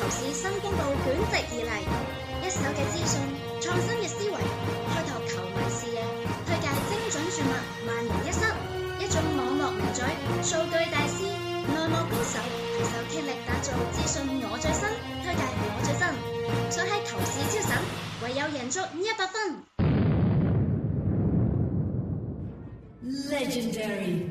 投市新公報捲席而嚟，一手嘅資訊，創新嘅思維，開拓球迷視野，推介精準注物，萬無一失。一眾網絡名嘴、數據大師、內幕高手，攜手傾力打造資訊我最新，推介我最新。想喺投市超神，唯有贏足一百分。Legendary。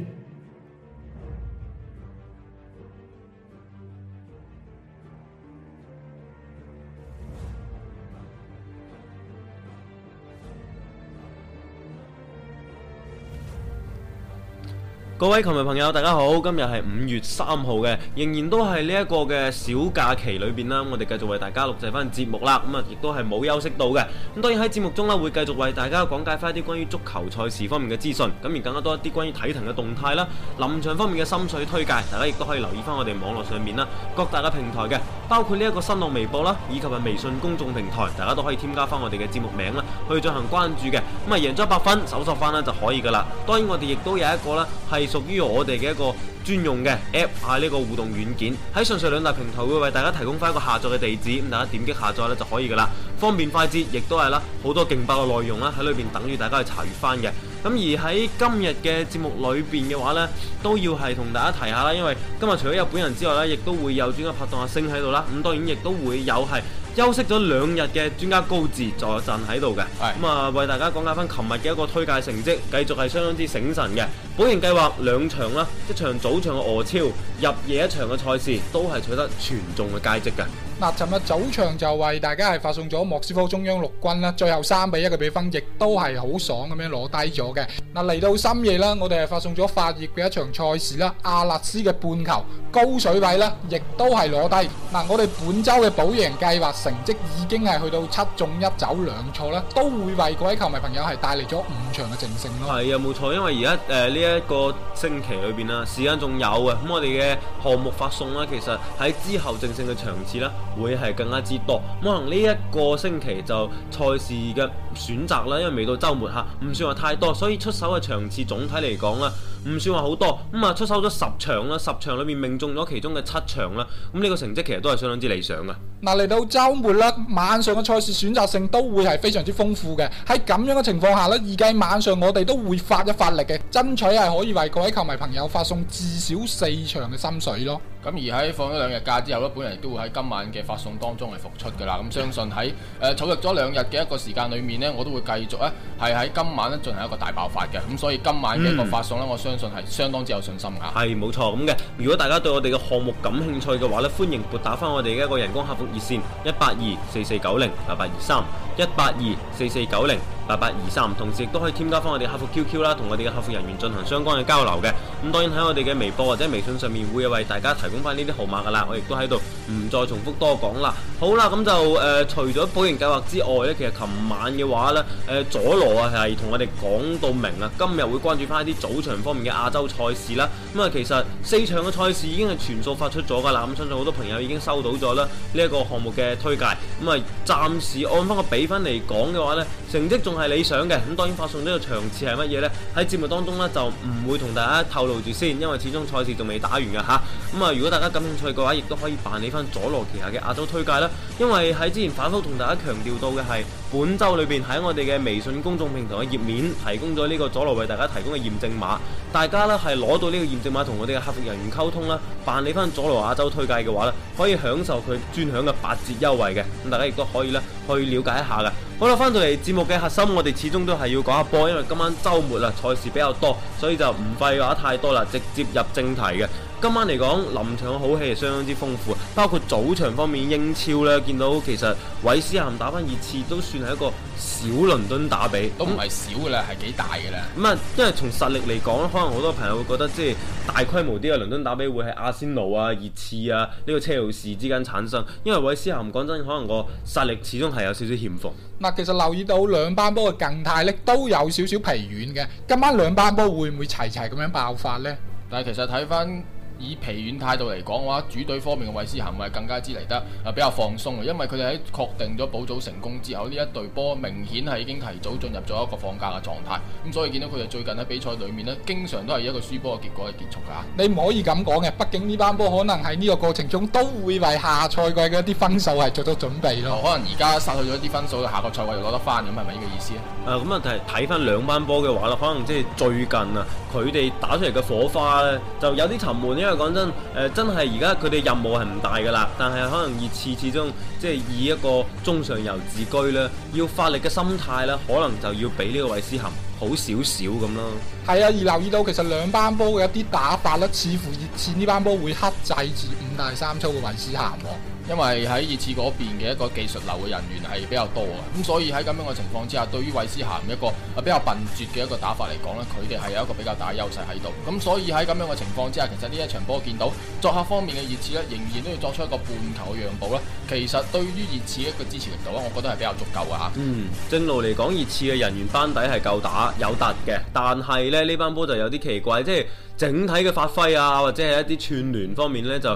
各位球迷朋友，大家好！今日係五月三號嘅，仍然都係呢一個嘅小假期裏邊啦。我哋繼續為大家錄製翻節目啦，咁啊亦都係冇休息到嘅。咁當然喺節目中啦，會繼續為大家講解翻一啲關於足球賽事方面嘅資訊，咁而更加多一啲關於體壇嘅動態啦、臨場方面嘅心水推介，大家亦都可以留意翻我哋網絡上面啦各大嘅平台嘅。包括呢一個新浪微博啦，以及係微信公眾平台，大家都可以添加翻我哋嘅節目名啦，去進行關注嘅。咁啊，贏足 100FUN，搜索翻咧就可以噶啦。當然，我哋亦都有一個咧係屬於我哋嘅一個專用嘅 app 啊，呢個互動軟件喺上述兩大平台會為大家提供翻一個下載嘅地址，咁大家點擊下載咧就可以噶啦，方便快捷，亦都係啦，好多勁爆嘅內容啦喺裏面等於大家去查閱翻嘅。咁而喺今日嘅節目裏面嘅話呢，都要係同大家提下啦，因為。今日除咗日本人之外咧，亦都會有專家拍檔阿星喺度啦。咁當然亦都會有係休息咗兩日嘅專家高志坐陣喺度嘅。咁啊，為大家講解返琴日嘅一個推介成績，繼續係相當之醒神嘅。保贏計劃兩場啦，一場早場嘅俄超入夜一場嘅賽事都係取得全中嘅佳績嘅。嗱，尋日早場就為大家係發送咗莫斯科中央陸軍啦，最後三比一嘅比分亦都係好爽咁樣攞低咗嘅。嗱，嚟到深夜啦，我哋係發送咗法乙嘅一場賽事啦，阿勒斯嘅半球高水位啦，亦都係攞低。嗱，我哋本周嘅保贏計劃成績已經係去到七中一走兩錯啦，都會為各位球迷朋友係帶嚟咗五場嘅淨勝咯。係啊，冇錯，因為而家誒呢一個星期裏邊啦，時間仲有啊。咁我哋嘅項目發送啦，其實喺之後正式嘅場次啦，會係更加之多。可能呢一個星期就賽事嘅。選擇啦，因為未到週末吓，唔算話太多，所以出手嘅場次總體嚟講咧，唔算話好多。咁啊，出手咗十場啦，十場裏面命中咗其中嘅七場啦，咁呢個成績其實都係相當之理想嘅。嗱，嚟到週末啦，晚上嘅賽事選擇性都會係非常之豐富嘅。喺咁樣嘅情況下咧，預計晚上我哋都會發一發力嘅，爭取係可以為各位球迷朋友發送至少四場嘅心水咯。咁而喺放咗兩日假之後咧，本人亦都會喺今晚嘅發送當中係復出噶啦。咁相信喺誒休息咗兩日嘅一個時間裏面呢，我都會繼續啊，係喺今晚咧進行一個大爆發嘅。咁所以今晚嘅一個發送呢、嗯，我相信係相當之有信心噶。係冇錯咁嘅。如果大家對我哋嘅項目感興趣嘅話呢，歡迎撥打翻我哋嘅一個人工客服熱線一八二四四九零八八二三。一八二四四九零八八二三，同時亦都可以添加翻我哋客服 QQ 啦，同我哋嘅客服人員進行相關嘅交流嘅。咁當然喺我哋嘅微博或者微信上面會為大家提供翻呢啲號碼噶啦，我亦都喺度唔再重複多講啦。好啦，咁就誒、呃、除咗保盈計劃之外呢，其實琴晚嘅話呢，誒、呃、佐羅啊係同我哋講到明啦，今日會關注翻啲早場方面嘅亞洲賽事啦。咁啊，其實四場嘅賽事已經係全數發出咗噶啦，咁相信好多朋友已經收到咗啦呢一個項目嘅推介。咁啊，暫時按翻個比。翻嚟講嘅話呢，成績仲係理想嘅，咁當然發送呢個場次係乜嘢呢？喺節目當中呢，就唔會同大家透露住先，因為始終賽事仲未打完㗎吓。咁啊，如果大家感興趣嘅話，亦都可以辦理翻佐羅旗下嘅亞洲推介啦。因為喺之前反覆同大家強調到嘅係。本周裏邊喺我哋嘅微信公眾平台嘅頁面提供咗呢個佐羅為大家提供嘅驗證碼，大家呢係攞到呢個驗證碼同我哋嘅客服人員溝通啦，辦理翻佐羅亞洲推介嘅話呢，可以享受佢專享嘅八折優惠嘅，咁大家亦都可以呢去了解一下嘅。好啦，翻到嚟節目嘅核心，我哋始終都係要講一下波，因為今晚週末啦，賽事比較多，所以就唔廢話太多啦，直接入正題嘅。今晚嚟講，臨場好戲係相當之豐富，包括早場方面英超咧，見到其實韋斯咸打翻熱刺都算係一個小倫敦打比，都唔係少嘅啦，係、嗯、幾大嘅啦。咁啊，因為從實力嚟講，可能好多朋友會覺得即係大規模啲嘅倫敦打比會係阿仙奴啊、熱刺啊呢、呢個車路士之間產生。因為韋斯咸講真，可能個實力始終係有少少欠奉。嗱，其實留意到兩班波嘅近態力都有少少疲軟嘅，今晚兩班波會唔會齊齊咁樣爆發呢？但係其實睇翻，以疲軟態度嚟講嘅話，主隊方面嘅韋斯咸咪更加之嚟得啊，比較放鬆嘅，因為佢哋喺確定咗保組成功之後，呢一隊波明顯係已經提早進入咗一個放假嘅狀態。咁所以見到佢哋最近喺比賽裡面呢，經常都係一個輸波嘅結果嚟結束㗎。你唔可以咁講嘅，畢竟呢班波可能喺呢個過程中都會為下賽季嘅一啲分數係做咗準備咯、哦。可能而家失去咗一啲分數，下個賽季又攞得翻，咁係咪呢個意思啊？誒、嗯，咁啊睇睇翻兩班波嘅話啦，可能即係最近啊，佢哋打出嚟嘅火花咧，就有啲沉悶。因為講真，誒、呃，真係而家佢哋任務係唔大噶啦，但係可能熱刺始，始終即係以一個中上游自居咧，要發力嘅心態咧，可能就要比呢個韋斯咸好少少咁咯。係啊，而留意到其實兩班波有啲打法咧，似乎熱刺呢班波會克制住五大三粗嘅韋斯咸喎。因為喺熱刺嗰邊嘅一個技術流嘅人員係比較多嘅，咁所以喺咁樣嘅情況之下，對於韋斯咸一個比較笨拙嘅一個打法嚟講呢，佢哋係有一個比較大優勢喺度。咁所以喺咁樣嘅情況之下，其實呢一場波見到作客方面嘅熱刺呢，仍然都要作出一個半球嘅讓步啦。其實對於熱刺一個支持力度，我覺得係比較足夠嘅吓。嗯，正路嚟講，熱刺嘅人員班底係夠打有突嘅，但係呢呢班波就有啲奇怪，即係整體嘅發揮啊，或者係一啲串聯方面呢，就。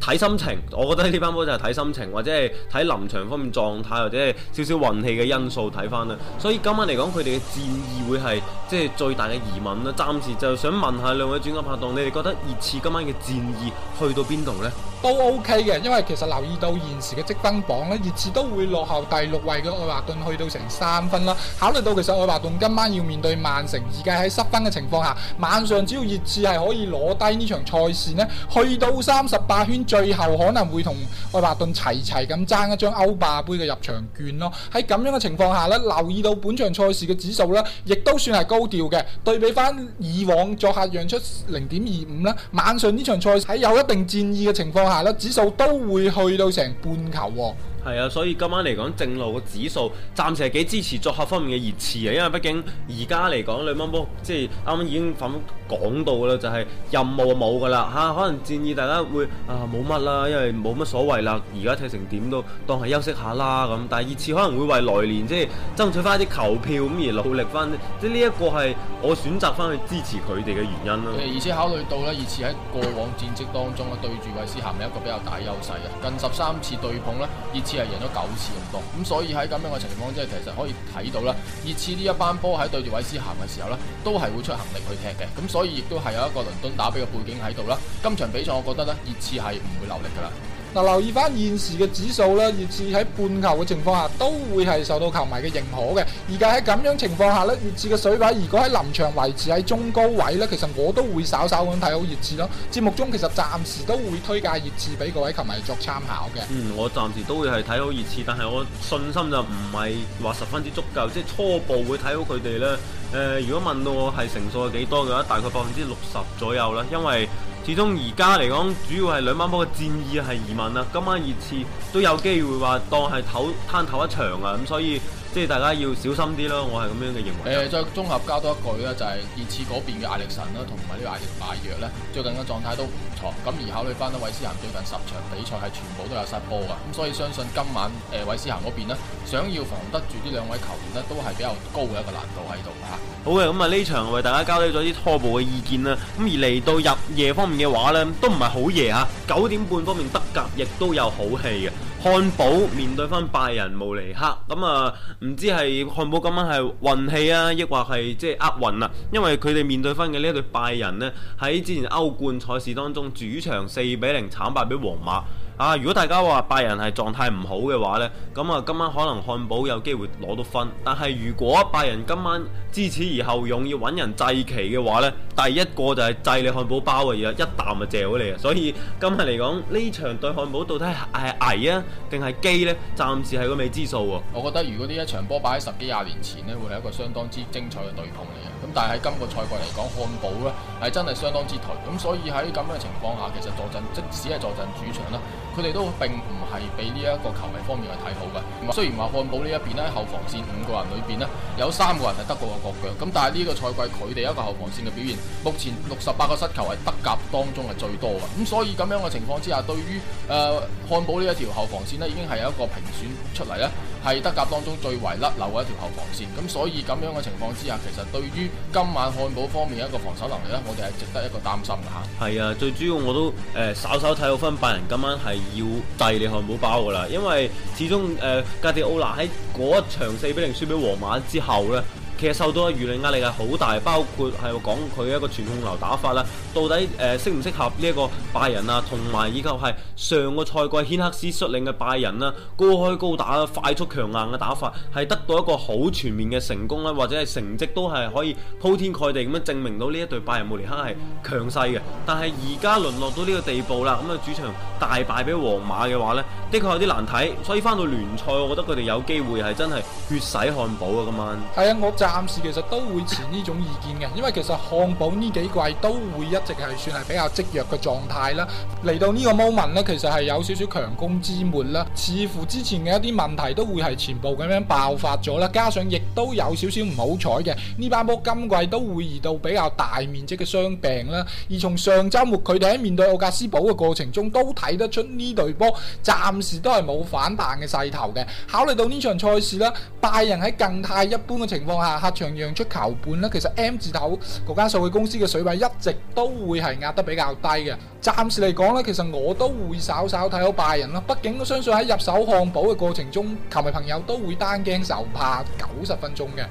睇心情，我覺得呢班波就係睇心情，或者係睇臨場方面嘅狀態，或者係少少運氣嘅因素睇返啦。所以今晚嚟講，佢哋嘅戰意會係即係最大嘅疑問啦。暫時就想問下兩位專家拍檔，你哋覺得熱刺今晚嘅戰意去到邊度呢？都 OK 嘅，因為其實留意到現時嘅積分榜咧，熱刺都會落後第六位嘅愛華頓去到成三分啦。考慮到其實愛華頓今晚要面對曼城，而計喺失分嘅情況下，晚上只要熱刺係可以攞低呢場賽事咧，去到三十八圈，最後可能會同愛華頓齊齊咁爭一張歐霸杯嘅入場券咯。喺咁樣嘅情況下咧，留意到本場賽事嘅指數咧，亦都算係高調嘅，對比翻以往作客讓出零點二五啦。晚上呢場賽事喺有一定戰意嘅情況下。啊，指數都會去到成半球喎，哦。係啊，所以今晚嚟講正路個指數暫時係幾支持作客方面嘅熱刺啊，因為畢竟而家嚟講你蚊波，即係啱啱已經反講到啦，就係、是、任務就啊冇噶啦嚇，可能建議大家會啊冇乜啦，因為冇乜所謂啦，而家睇成點都當係休息下啦咁。但係熱刺可能會為來年即係、就是、爭取翻啲球票咁而努力翻，即係呢一個係我選擇翻去支持佢哋嘅原因啦。而且考慮到咧，熱刺喺過往戰績當中咧，對住韋斯咸係一個比較大優勢啊。近十三次對碰咧次係贏咗九次咁多，咁所以喺咁樣嘅情況，即係其實可以睇到啦，熱刺呢一班波喺對住韋斯咸嘅時候咧，都係會出行力去踢嘅，咁所以亦都係有一個倫敦打比嘅背景喺度啦。今場比賽我覺得咧，熱刺係唔會留力噶啦。嗱，留意翻現時嘅指數啦，熱刺喺半球嘅情況下都會係受到球迷嘅認可嘅。而家喺咁樣情況下呢，熱刺嘅水位如果喺臨場維持喺中高位呢，其實我都會稍稍咁睇好熱刺咯。節目中其實暫時都會推介熱刺俾各位球迷作參考嘅。嗯，我暫時都會係睇好熱刺，但係我信心就唔係話十分之足夠，即係初步會睇好佢哋呢。誒、呃，如果問到我係成數係幾多嘅話，大概百分之六十左右啦。因為始終而家嚟講，主要係兩班波嘅戰意係移民啊，今晚熱刺都有機會話當係唞攤唞一場啊，咁所以。即係大家要小心啲啦，我係咁樣嘅認為。誒、呃，再綜合交多一句咧，就係熱刺嗰邊嘅艾力神啦，同埋呢個艾力拜約咧，最近嘅狀態都唔錯。咁而考慮翻呢，韋斯咸最近十場比賽係全部都有失波噶，咁所以相信今晚誒、呃、韋斯咸嗰邊呢，想要防得住呢兩位球員呢，都係比較高嘅一個難度喺度吓。好嘅，咁啊呢場為大家交低咗啲初步嘅意見啦。咁而嚟到入夜方面嘅話咧，都唔係好夜吓，九點半方面德甲亦都有好戲嘅。漢堡面對翻拜仁慕尼黑，咁啊唔知係漢堡咁樣係運氣啊，抑或係即係厄運啊？因為佢哋面對翻嘅呢一隊拜仁呢，喺之前歐冠賽事當中，主場四比零慘敗俾皇馬。啊！如果大家話拜仁係狀態唔好嘅話呢咁啊今晚可能漢堡有機會攞到分。但係如果拜仁今晚知恥而後勇，要揾人祭旗嘅話呢第一個就係制你漢堡包嘅嘢，一啖就借咗你啊！所以今日嚟講呢場對漢堡到底係危啊定係機呢？暫時係個未知數喎，啊。我覺得如果呢一場波擺喺十幾廿年前呢會係一個相當之精彩嘅對碰嚟嘅。但係今個賽季嚟講，漢堡咧係真係相當之頹。咁所以喺咁樣嘅情況下，其實坐鎮即使係坐鎮主場啦，佢哋都並唔係俾呢一個球迷方面去睇好嘅。雖然話漢堡呢一邊咧後防線五個人裏邊呢，有三個人係德國嘅國腳，咁但係呢個賽季佢哋一個後防線嘅表現，目前六十八個失球係德甲當中係最多嘅。咁所以咁樣嘅情況之下，對於誒漢堡呢一條後防線呢，已經係有一個評選出嚟啦。係德甲當中最為甩漏嘅一條後防線，咁所以咁樣嘅情況之下，其實對於今晚漢堡方面一個防守能力咧，我哋係值得一個擔心嘅嚇。係啊，最主要我都誒、呃、稍稍睇好分拜仁今晚係要制你漢堡包嘅啦，因為始終誒哥迪奧拿喺嗰場四比零輸俾皇馬之後咧。其實受到嘅輿論壓力係好大，包括係講佢一個傳控流打法啦，到底誒、呃、適唔適合呢一個拜仁啊，同埋以及係上個賽季軒克斯率領嘅拜仁啦，高開高打、快速強硬嘅打法係得到一個好全面嘅成功啦，或者係成績都係可以鋪天蓋地咁樣證明到呢一隊拜仁慕尼黑係強勢嘅，但係而家淪落到呢個地步啦，咁啊主場大敗俾皇馬嘅話呢，的確有啲難睇，所以翻到聯賽，我覺得佢哋有機會係真係血洗漢堡啊！今晚係啊。暫時其實都會持呢種意見嘅，因為其實漢堡呢幾季都會一直係算係比較積弱嘅狀態啦。嚟到呢個 moment 呢其實係有少少強弩之末啦。似乎之前嘅一啲問題都會係全部咁樣爆發咗啦。加上亦都有少少唔好彩嘅，呢班波今季都會遇到比較大面積嘅傷病啦。而從上週末佢哋喺面對奧格斯堡嘅過程中，都睇得出呢隊波暫時都係冇反彈嘅勢頭嘅。考慮到這場賽呢場賽事啦，拜仁喺近態一般嘅情況下。客場讓出球半咧，其實 M 字頭嗰間數據公司嘅水位一直都會係壓得比較低嘅。暫時嚟講咧，其實我都會稍稍睇好拜仁咯。畢竟我相信喺入手漢堡嘅過程中，球迷朋友都會擔驚受怕九十分鐘嘅。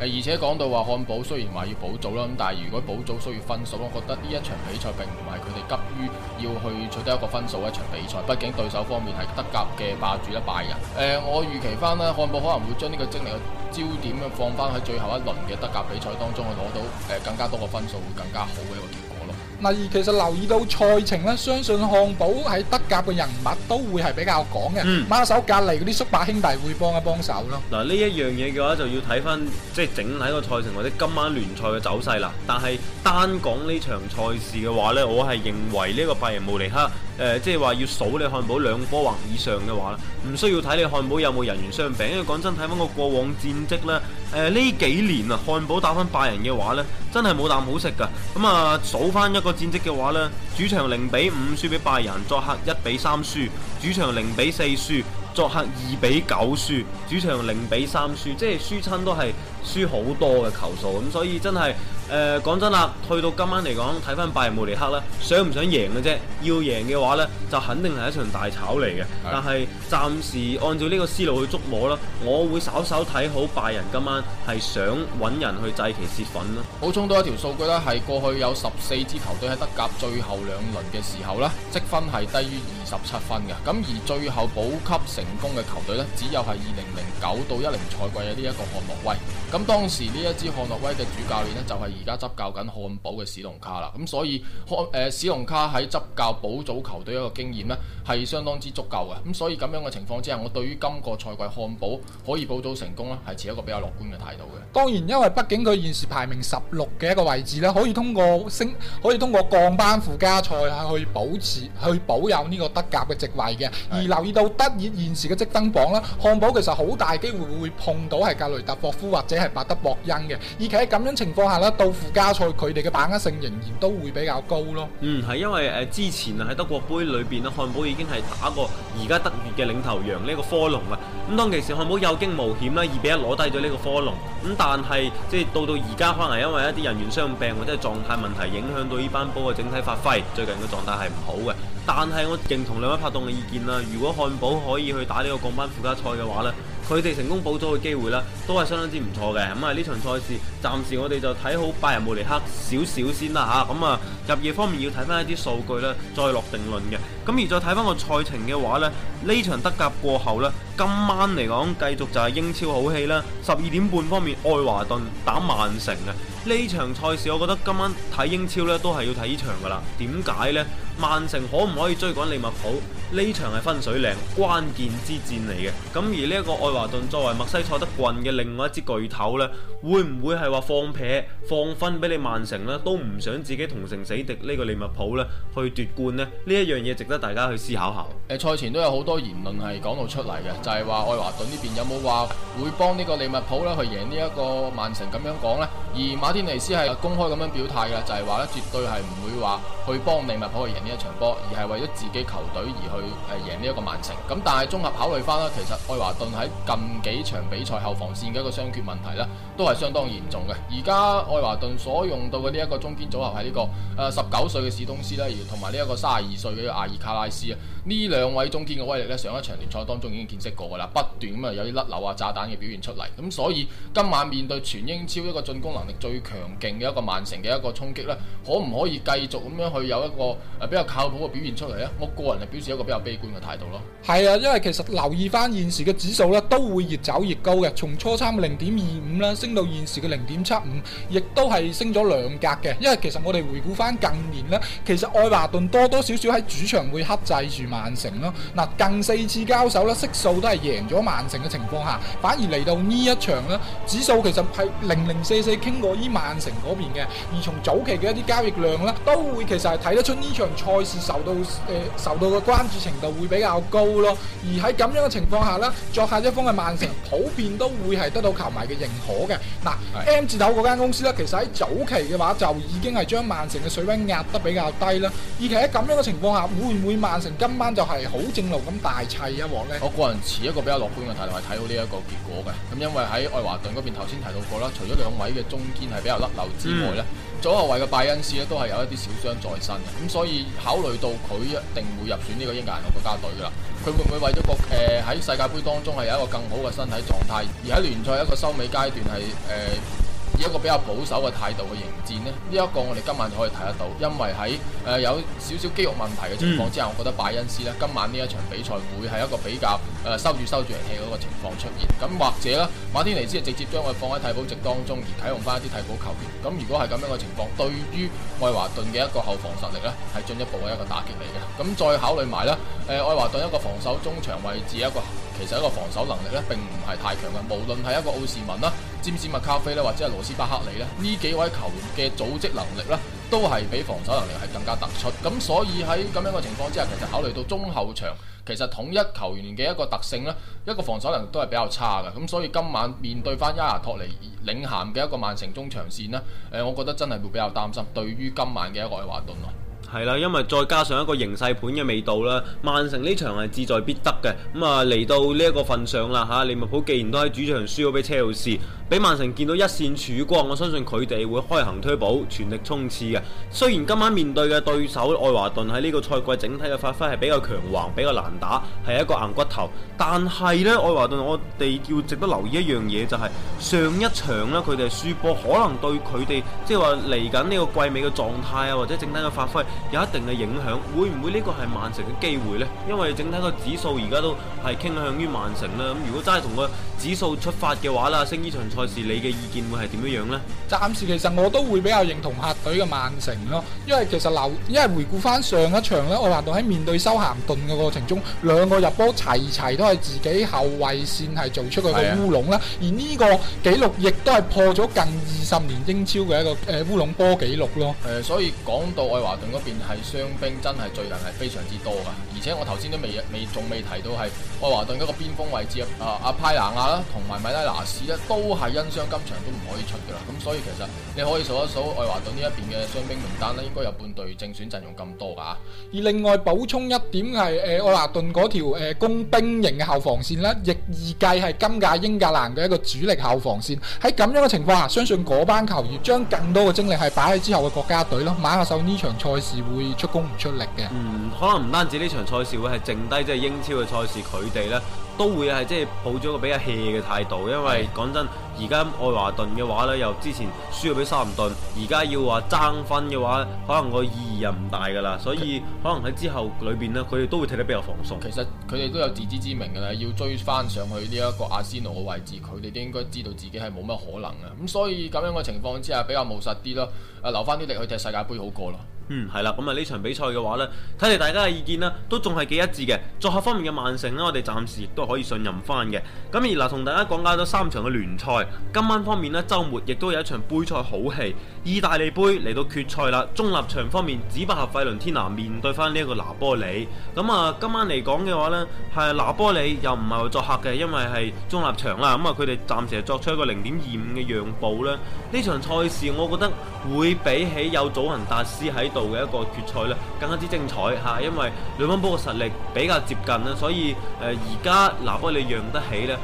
誒，而且講到話漢堡，雖然話要補組啦，咁但係如果補組需要分數，我覺得呢一場比賽並唔係佢哋急於要去取得一個分數嘅一場比賽，畢竟對手方面係德甲嘅霸主啦拜仁，誒、呃，我預期翻啦，漢堡可能會將呢個精力嘅焦點放翻喺最後一輪嘅德甲比賽當中去攞到誒、呃、更加多個分數會更加好嘅。嗱，而其實留意到賽程，咧，相信漢堡喺德甲嘅人物都會係比較廣嘅，馬、嗯、手隔籬嗰啲叔伯兄弟會幫一幫手咯。嗱，呢一樣嘢嘅話就要睇返即係整體個賽程或者今晚聯賽嘅走勢啦。但係單講呢場賽事嘅話咧，我係認為呢個拜仁慕尼黑誒、呃，即係話要數你漢堡兩波或以上嘅話。唔需要睇你漢堡有冇人員傷病，因為講真睇翻個過往戰績啦。呃，呢幾年啊漢堡打翻拜仁嘅話呢，真係冇啖好食噶。咁啊數翻一個戰績嘅話呢，主場零比五輸俾拜仁，作客一比三輸，主場零比四輸，作客二比九輸，主場零比三輸，即係輸親都係輸好多嘅球數咁，所以真係。誒、呃，講真啦，去到今晚嚟講，睇翻拜仁慕尼黑啦，想唔想贏嘅啫？要贏嘅話呢，就肯定係一場大炒嚟嘅。但係暫時按照呢個思路去捉摸啦，我會稍稍睇好拜仁今晚係想揾人去祭旗泄憤啦。補充多一條數據啦，係過去有十四支球隊喺德甲最後兩輪嘅時候啦，積分係低於二十七分嘅。咁而最後保級成功嘅球隊呢，只有係二零零。九到一零賽季嘅呢一個漢諾威，咁當時呢一支漢諾威嘅主教練呢，就係而家執教緊漢堡嘅史隆卡啦，咁所以漢誒、呃、史隆卡喺執教保組球隊一個經驗呢，係相當之足夠嘅，咁所以咁樣嘅情況之下，我對於今個賽季漢堡可以保組成功呢，係持一個比較樂觀嘅態度嘅。當然，因為畢竟佢現時排名十六嘅一個位置呢，可以通過升，可以通過降班附加賽去保持去保有呢個德甲嘅席位嘅。而留意到德乙現時嘅積分榜啦，漢堡其實好大。機會會碰到係格雷達霍夫或者係白德博恩嘅，而且喺咁樣情況下呢，到附加賽佢哋嘅把握性仍然都會比較高咯。嗯、係因為誒、呃、之前啊喺德國杯裏邊啊，漢堡已經係打過而家德乙嘅領頭羊呢個科隆啦。咁、嗯、當其時漢堡有驚無險啦，二比一攞低咗呢個科隆。咁、嗯、但係即係到到而家，可能因為一啲人員傷病或者係狀態問題，影響到呢班波嘅整體發揮，最近嘅狀態係唔好嘅。但係我認同兩位拍檔嘅意見啦，如果漢堡可以去打呢個降班附加賽嘅話咧。佢哋成功補咗嘅機會啦，都係相當之唔錯嘅。咁啊，呢場賽事暫時我哋就睇好拜仁慕尼黑少少先啦吓，咁啊，入夜方面要睇翻一啲數據啦，再落定論嘅。咁而再睇翻個賽程嘅話呢，呢場德甲過後呢，今晚嚟講繼續就係英超好戲啦。十二點半方面，愛華頓打曼城啊，呢場賽事我覺得今晚睇英超呢都係要睇呢場噶啦。點解呢？曼城可唔可以追趕利物浦？呢場係分水嶺、關鍵之戰嚟嘅，咁而呢一個愛華頓作為墨西塞德郡嘅另外一支巨頭呢會唔會係話放撇，放分俾你曼城呢？都唔想自己同城死敵呢個利物浦呢去奪冠呢，呢一樣嘢值得大家去思考下。誒，賽前都有好多言論係講到出嚟嘅，就係話愛華頓呢邊有冇話會幫呢個利物浦呢去贏呢一個曼城咁樣講呢？而馬天尼斯係公開咁樣表態嘅，就係話絕對係唔會話去幫利物浦去贏呢一場波，而係為咗自己球隊而。去係贏呢一個曼城，咁但係綜合考慮翻啦，其實愛華頓喺近幾場比賽後防線嘅一個傷缺問題都係相當嚴重嘅。而家愛華頓所用到嘅呢一個中堅組合係呢、這個誒十九歲嘅史東斯啦，而同埋呢一個三十二歲嘅阿爾卡拉斯啊，呢兩位中堅嘅威力呢，上一場聯賽當中已經見識過噶啦，不斷咁啊有啲甩漏啊炸彈嘅表現出嚟。咁所以今晚面對全英超一個進攻能力最強勁嘅一個曼城嘅一個衝擊呢，可唔可以繼續咁樣去有一個誒比較靠譜嘅表現出嚟呢？我個人係表示一個。比較悲觀嘅態度咯，係啊，因為其實留意翻現時嘅指數咧，都會越走越高嘅。從初參嘅零點二五咧，升到現時嘅零點七五，亦都係升咗兩格嘅。因為其實我哋回顧翻近年呢，其實愛華頓多多少少喺主場會克制住曼城咯。嗱，近四次交手呢，指數都係贏咗曼城嘅情況下，反而嚟到呢一場呢，指數其實係零零四四傾過於曼城嗰邊嘅。而從早期嘅一啲交易量呢，都會其實係睇得出呢場賽事受到誒、呃、受到嘅關注。程度會比較高咯，而喺咁樣嘅情況下呢，作客一方嘅曼城普遍都會係得到球迷嘅認可嘅。嗱、啊，M 字頭嗰間公司呢，其實喺早期嘅話就已經係將曼城嘅水位壓得比較低啦。而且喺咁樣嘅情況下，會唔會曼城今晚就係好正路咁大砌一鑊呢？我個人持一個比較樂觀嘅態度，係睇到呢一個結果嘅。咁因為喺愛華頓嗰邊頭先提到過啦，除咗兩位嘅中堅係比較甩漏之外呢。嗯左後衛嘅拜恩斯咧，都係有一啲小傷在身嘅，咁所以考慮到佢一定會入選呢個英格蘭國家隊噶啦，佢會唔會為咗個誒喺、呃、世界盃當中係有一個更好嘅身體狀態，而喺聯賽一個收尾階段係誒？呃以一個比較保守嘅態度去迎戰呢。呢、這、一個我哋今晚就可以睇得到。因為喺誒、呃、有少少肌肉問題嘅情況之下，我覺得拜恩斯呢今晚呢一場比賽會係一個比較誒、呃、收住收住人氣嘅一個情況出現。咁或者咧馬天尼斯就直接將佢放喺替補席當中，而啟用翻一啲替補球員。咁如果係咁樣嘅情況，對於愛華頓嘅一個後防實力呢，係進一步嘅一個打擊嚟嘅。咁再考慮埋呢，誒愛華頓一個防守中場位置一個。其實一個防守能力咧並唔係太強嘅，無論係一個奧士文啦、占士麥卡菲咧，或者係羅斯巴克利咧，呢幾位球員嘅組織能力咧都係比防守能力係更加突出。咁所以喺咁樣嘅情況之下，其實考慮到中後場，其實統一球員嘅一個特性咧，一個防守能力都係比較差嘅。咁所以今晚面對翻亞亞托尼領銜嘅一個曼城中場線咧，誒，我覺得真係會比較擔心對於今晚嘅一個愛華頓咯。係啦，因為再加上一個形勢盤嘅味道啦，曼城呢場係志在必得嘅，咁啊嚟到呢一個份上啦嚇，利物浦既然都喺主場輸咗俾車路士。俾曼城見到一線曙光，我相信佢哋會開行 turbo，全力衝刺嘅。雖然今晚面對嘅對手愛華頓喺呢個賽季整體嘅發揮係比較強橫，比較難打，係一個硬骨頭。但係呢，愛華頓我哋要值得留意一樣嘢，就係、是、上一場呢，佢哋係輸波，可能對佢哋即係話嚟緊呢個季尾嘅狀態啊，或者整體嘅發揮有一定嘅影響。會唔會呢個係曼城嘅機會呢？因為整體個指數而家都係傾向於曼城啦、啊。咁如果真係同個指數出發嘅話啦，升一場。賽事你嘅意見會係點樣樣咧？暫時其實我都會比較認同客隊嘅曼城咯，因為其實留因為回顧翻上一場咧，愛華頓喺面對修咸頓嘅過程中，兩個入波齊齊都係自己後衛線係做出個烏龍啦。而呢個紀錄亦都係破咗近二十年英超嘅一個誒烏龍波紀錄咯。誒、呃，所以講到愛華頓嗰邊係傷兵真係罪人係非常之多噶。而且我頭先都未未仲未提到係愛華頓嗰個邊鋒位置啊，阿、啊、派拿亞啦，同埋米拉拿士咧，都係因傷今場都唔可以出噶啦。咁所以其實你可以數一數愛華頓呢一邊嘅傷兵名單咧，應該有半隊正選陣容咁多噶、啊。而另外補充一點係誒愛華頓嗰條、呃、攻兵型嘅後防線呢，亦預計係今屆英格蘭嘅一個主力後防線。喺咁樣嘅情況下，相信嗰班球員將更多嘅精力係擺喺之後嘅國家隊咯，馬克秀呢場賽事會出攻唔出力嘅、嗯。可能唔單止呢場賽。賽事會係剩低，即係英超嘅賽事，佢哋咧都會係即係抱咗個俾阿 h e 嘅態度，因為講真，而家愛華頓嘅話咧，又之前輸咗俾沙姆頓，而家要話爭分嘅話，可能個意義又唔大噶啦，所以可能喺之後裡邊呢，佢哋都會踢得比較防鬆。其實佢哋都有自知之明噶啦，要追翻上去呢一個阿仙奴嘅位置，佢哋都應該知道自己係冇乜可能嘅，咁所以咁樣嘅情況之下，比較務實啲咯，誒留翻啲力去踢世界杯好過咯。嗯，係啦，咁啊呢場比賽嘅話呢，睇嚟大家嘅意見呢，都仲係幾一致嘅。作客方面嘅曼城呢，我哋暫時亦都可以信任翻嘅。咁而嗱，同大家講解咗三場嘅聯賽，今晚方面呢，周末亦都有一場杯賽好戲，意大利杯嚟到決賽啦。中立場方面，只不過係費倫天拿面對翻呢一個拿波里。咁、嗯、啊，今晚嚟講嘅話呢，係拿波里又唔係作客嘅，因為係中立場啦。咁、嗯、啊，佢哋暫時係作出一個零點二五嘅讓步啦。呢場賽事，我覺得會比起有祖雲達斯喺度嘅一個決賽咧，更加之精彩嚇，因為兩方波嘅實力比較接近啦，所以誒而家拿波利讓得起咧，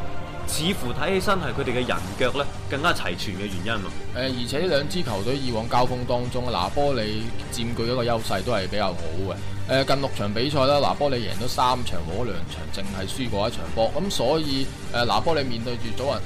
似乎睇起身係佢哋嘅人腳咧更加齊全嘅原因啊、呃！而且兩支球隊以往交鋒當中，拿波利佔據的一個優勢都係比較好嘅。誒、呃、近六場比賽啦，拿波利贏咗三場，和兩場，淨係輸過一場波。咁所以誒、呃、拿波利面對住祖雲誒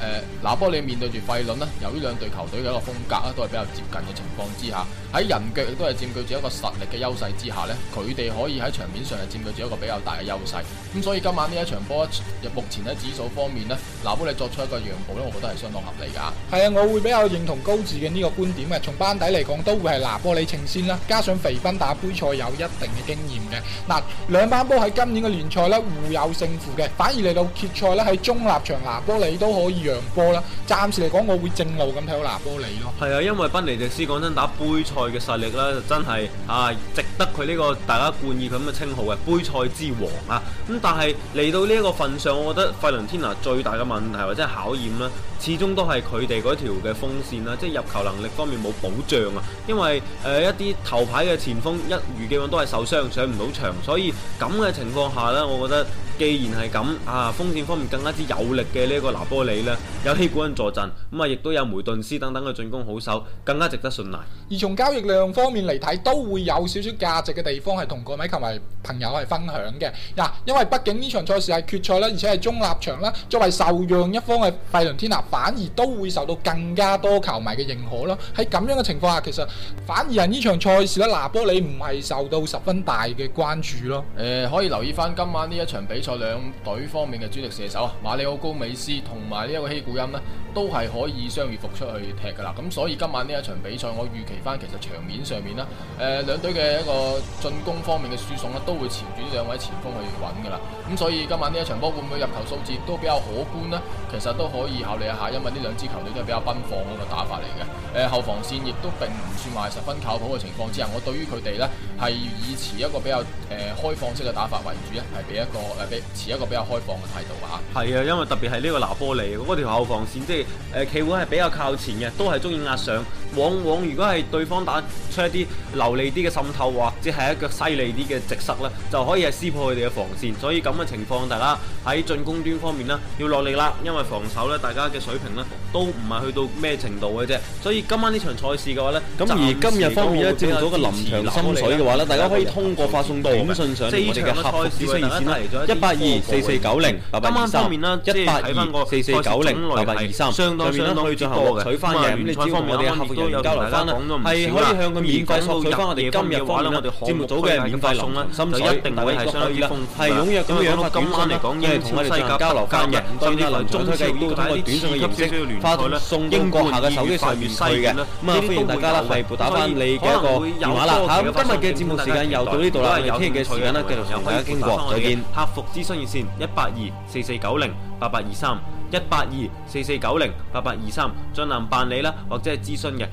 拿波利面對住費倫咧，由於兩隊球隊嘅一個風格咧都係比較接近嘅情況之下，喺人腳都係佔據住一個實力嘅優勢之下呢，佢哋可以喺場面上係佔據住一個比較大嘅優勢。咁所以今晚呢一場波，目前喺指數方面呢，拿波利作出一個讓步呢，我覺得係相當合理㗎。係啊，我會比較認同高智嘅呢個觀點嘅。從班底嚟講，都會係拿波利稱先啦。加上肥賓打杯賽有一定嘅經驗嘅。嗱，兩班波喺今年嘅聯賽呢，互有勝負嘅，反而嚟到決賽呢，喺中立場，拿波利都可以讓波啦。暫時嚟講，我會正路咁睇到拿波利咯。係啊，因為賓尼迪斯講真打杯賽。佢嘅實力啦，就真係啊，值得佢呢個大家冠以佢咁嘅稱號嘅杯賽之王啊！咁但係嚟到呢一個份上，我覺得費倫天拿最大嘅問題或者係考驗啦。始終都係佢哋嗰條嘅鋒線啦，即係入球能力方面冇保障啊！因為誒、呃、一啲頭牌嘅前鋒一如既往都係受傷上唔到場，所以咁嘅情況下呢，我覺得既然係咁啊，鋒線方面更加之有力嘅呢一個拿波里呢，有希古恩助陣，咁啊亦都有梅頓斯等等嘅進攻好手，更加值得信賴。而從交易量方面嚟睇，都會有少少價值嘅地方係同各位球迷朋友係分享嘅。嗱，因為畢竟呢場賽事係決賽啦，而且係中立場啦，作為受讓一方嘅費倫天拿，反而都會受到更加多球迷嘅認可咯。喺咁樣嘅情況下，其實反而係呢場賽事咧，拿波里唔係受到十分大嘅關注咯。呃，可以留意翻今晚呢一場比賽兩隊方面嘅主力射手啊，馬里奧高美斯同埋呢一個希古音咧。都係可以傷癒復出去踢㗎喇，咁所以今晚呢一場比賽，我預期翻其實場面上面啦，誒兩隊嘅一個進攻方面嘅輸送咧，都會朝住呢兩位前鋒去揾㗎喇。咁所以今晚呢一場波會唔會入球數字都比較可觀咧？其實都可以考慮一下，因為呢兩支球隊都係比較奔放個打法嚟嘅。誒、呃、後防線亦都並唔算話十分靠譜嘅情況之下，我對於佢哋咧係以持一個比較誒、呃、開放式嘅打法為主咧，係俾一個誒俾、呃、持一個比較開放嘅態度吓，係啊,啊，因為特別係呢個拿波利嗰條後防線即、就、係、是。誒、呃，企位係比較靠前嘅，都係中意壓上。往往如果係對方打出一啲流利啲嘅滲透或者係一腳犀利啲嘅直塞啦，就可以係撕破佢哋嘅防線。所以咁嘅情況，大家喺進攻端方面呢要落力啦。因為防守咧，大家嘅水平呢都唔係去到咩程度嘅啫。所以今晚呢場賽事嘅話呢，咁、嗯、而今日方面咧，佔到個臨場心水嘅話呢、嗯嗯，大家可以通過發送短、嗯、信上我哋嘅客服熱線啦，呃呃、來了一八二四四九零八八二三，一八二四四九零八八二三。12490, 23, 相當可以獲取翻嘅，咁你只要我哋客服交流返啦，係可以向佢免費索取翻我哋今日嘅話咧，我哋節目組嘅免費送啦，就一定會係可以啦。係踴躍咁樣發短訊嚟講，亦係同我哋交流返嘅，當然啲能中嘅都會通過短信嘅形式發送到閣下嘅手機上面去嘅。咁啊，歡迎大家啦，係撥打翻你嘅個電話啦。咁今日嘅節目時間又到呢度啦，我哋聽日嘅時間咧繼續同大家傾過，再見。客服諮詢熱線：一八二四四九零八八二三。一八二四四九零八八二三，進行辦理啦，或者係諮詢嘅。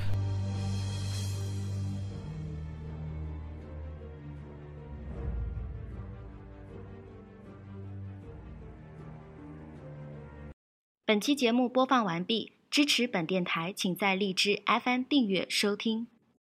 本期節目播放完畢，支持本電台，請在荔枝 FM 訂閱收聽。